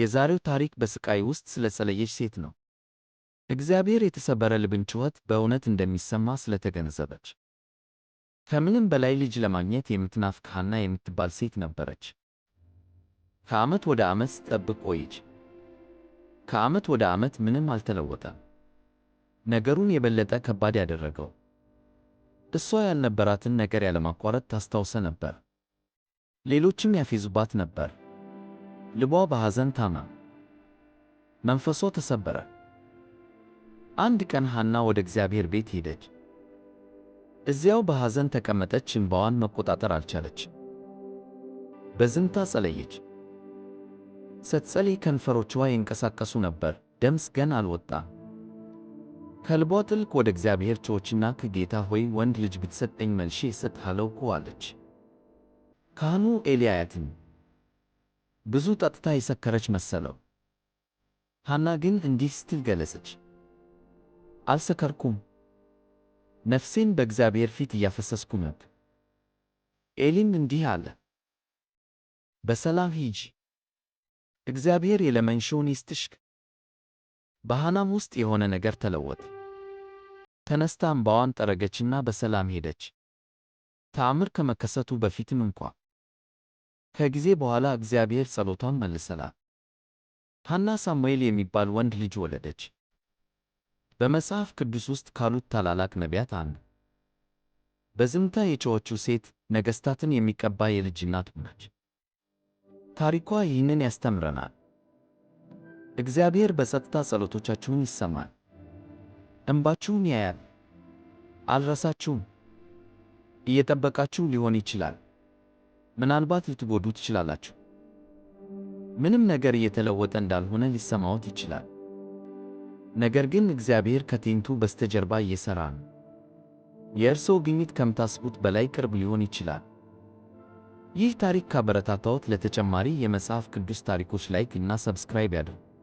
የዛሬው ታሪክ በስቃይ ውስጥ ስለጸለየች ሴት ነው። እግዚአብሔር የተሰበረ ልብን ጩኸት በእውነት እንደሚሰማ ስለተገነዘበች። ከምንም በላይ ልጅ ለማግኘት የምትናፍቅ ሐና የምትባል ሴት ነበረች። ከዓመት ወደ ዓመት ስትጠብቅ ቆየች። ከዓመት ወደ ዓመት ምንም አልተለወጠም። ነገሩን የበለጠ ከባድ ያደረገው እሷ ያልነበራትን ነገር ያለማቋረጥ ታስታውሰ ነበር። ሌሎችም ያፌዙባት ነበር። ልቧ በሐዘን ታማ፣ መንፈሷ ተሰበረ። አንድ ቀን ሐና ወደ እግዚአብሔር ቤት ሄደች። እዚያው በሐዘን ተቀመጠች። እንባዋን መቆጣጠር አልቻለች። በዝምታ ጸለየች። ስትጸልይ ከንፈሮቿ ይንቀሳቀሱ ነበር፣ ደምስ ገና አልወጣም። ከልቧ ጥልቅ ወደ እግዚአብሔር ጮኸችና ከጌታ ሆይ ወንድ ልጅ ብትሰጠኝ መልሼ እሰጥሃለሁ አለች። ካህኑ ኤልያያትን ብዙ ጠጥታ የሰከረች መሰለው። ሐና ግን እንዲህ ስትል ገለጸች፣ አልሰከርኩም፣ ነፍሴን በእግዚአብሔር ፊት እያፈሰስኩ ነበር። ኤሊም እንዲህ አለ፣ በሰላም ሂጂ፣ እግዚአብሔር የለመንሽውን ይስጥሽ። በሐናም ውስጥ የሆነ ነገር ተለወጠ። ተነስታ እምባዋን ጠረገችና በሰላም ሄደች። ተአምር ከመከሰቱ በፊትም እንኳን ከጊዜ በኋላ እግዚአብሔር ጸሎቷን መልሰላል። ሐና ሳሙኤል የሚባል ወንድ ልጅ ወለደች። በመጽሐፍ ቅዱስ ውስጥ ካሉት ታላላቅ ነቢያት አንዱ። በዝምታ የጮኸችው ሴት ነገሥታትን የሚቀባ የልጅ እናት ሆነች። ታሪኳ ይህንን ያስተምረናል። እግዚአብሔር በጸጥታ ጸሎቶቻችሁን ይሰማል፣ እንባችሁን ያያል። አልረሳችሁም። እየጠበቃችሁ ሊሆን ይችላል። ምናልባት ልትጎዱ ትችላላችሁ። ምንም ነገር እየተለወጠ እንዳልሆነ ሊሰማዎት ይችላል። ነገር ግን እግዚአብሔር ከቴንቱ በስተጀርባ እየሠራ ነው። የእርስዎ ግኝት ከምታስቡት በላይ ቅርብ ሊሆን ይችላል። ይህ ታሪክ ካበረታታዎት ለተጨማሪ የመጽሐፍ ቅዱስ ታሪኮች ላይክ እና ሰብስክራይብ ያድርጉ።